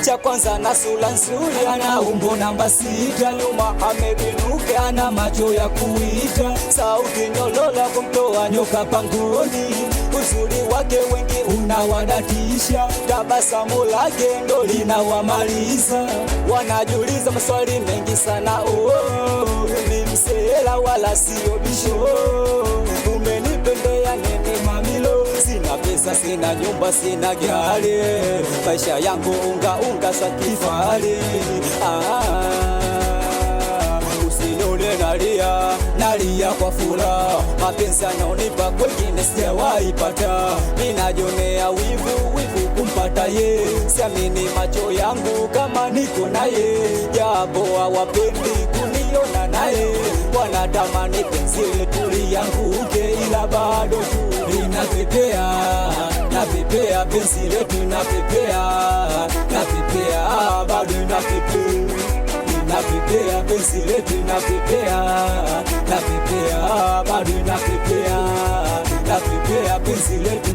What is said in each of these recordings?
cha kwanza na sura nzuri, ana umbo namba sita, nyuma amebinuka, ana macho ya kuita, sauti nyolola kumtoa nyoka pangoni. Uzuri wake wengi unawadatisha, tabasamu lake ndo linawamaliza, wanajiuliza maswali mengi sana. Oh, ni msela wala sio bisho sina nyumba, sina gari, maisha yangu unga unga za kifahari. Ah, usinione nalia, nalia kwa furaha, mapenzi anaonipa kwengine sijawahi pata, minajionea wivu wivu kumpata ye, siamini macho yangu kama niko naye, japo hawapendi kuniona naye, wanatamani penzi letu lianguke, ila bado napepea, napepea penzi letu napepea, napepea bado napepea, napepea penzi letu napepea, napepea bado napepea, napepea penzi letu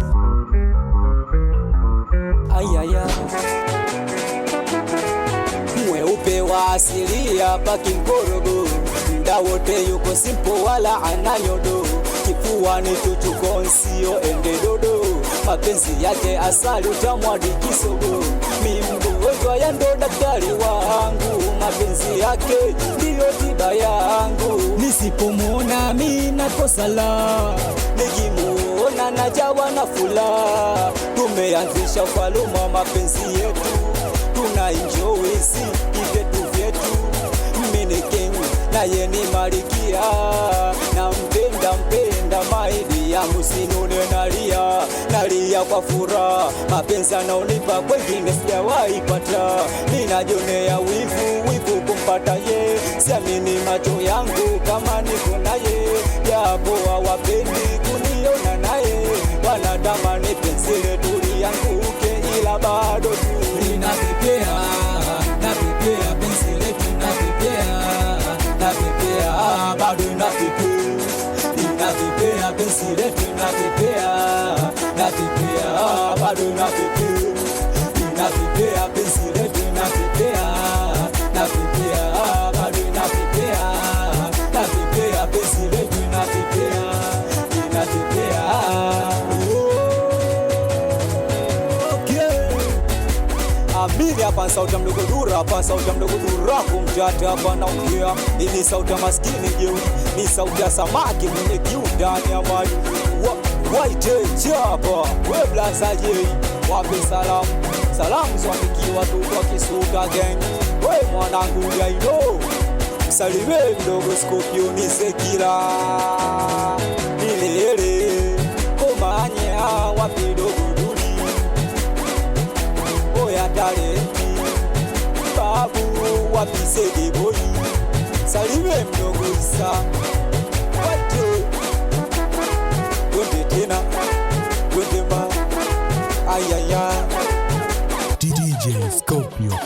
ayaya mweupe wa asilia paki mkorogo mda wote yuko simpo wala ananyodo kifuani, tutuko nsio ende dodo, mapenzi yake asali utamwadi kisogo, mimbu wetwa yando daktari wangu, mapenzi yake ndiyo tiba yangu, nisipomwona mi nakosa la nikimuona najawa na fula, tumeanzisha ufaluma mapenzi yetu, tuna injoisi vyetu vyetu, mini king na yeni kulia kwa furaha, mapenzi anaonipa kwengine sijawahi pata, ninajionea wivu wivu kumpata ye, siamini macho yangu kama niko naye, japo hawapendi kuniona naye, wanatamani penzi letu lianguke, ila bado ninapepea, bado, napepea, ninapepea penzi letu Amini hapa sauti ya mdogo dura, hapa sauti ya mdogo kumjata hapa naongea. Ni sauti ya maskini jeuri, ni sauti ya samaki mwenye kiu ndani ya maji. Why, why, japa, wapi salam salamu zwafikiwa tukwa gang we mwanangu yaino saliwe mdogo oh, skopioni sekira nilele komanye wapi dogo Oya oyatale babu wapi segeboyi saliwe mdogo isa wate donde tena propio.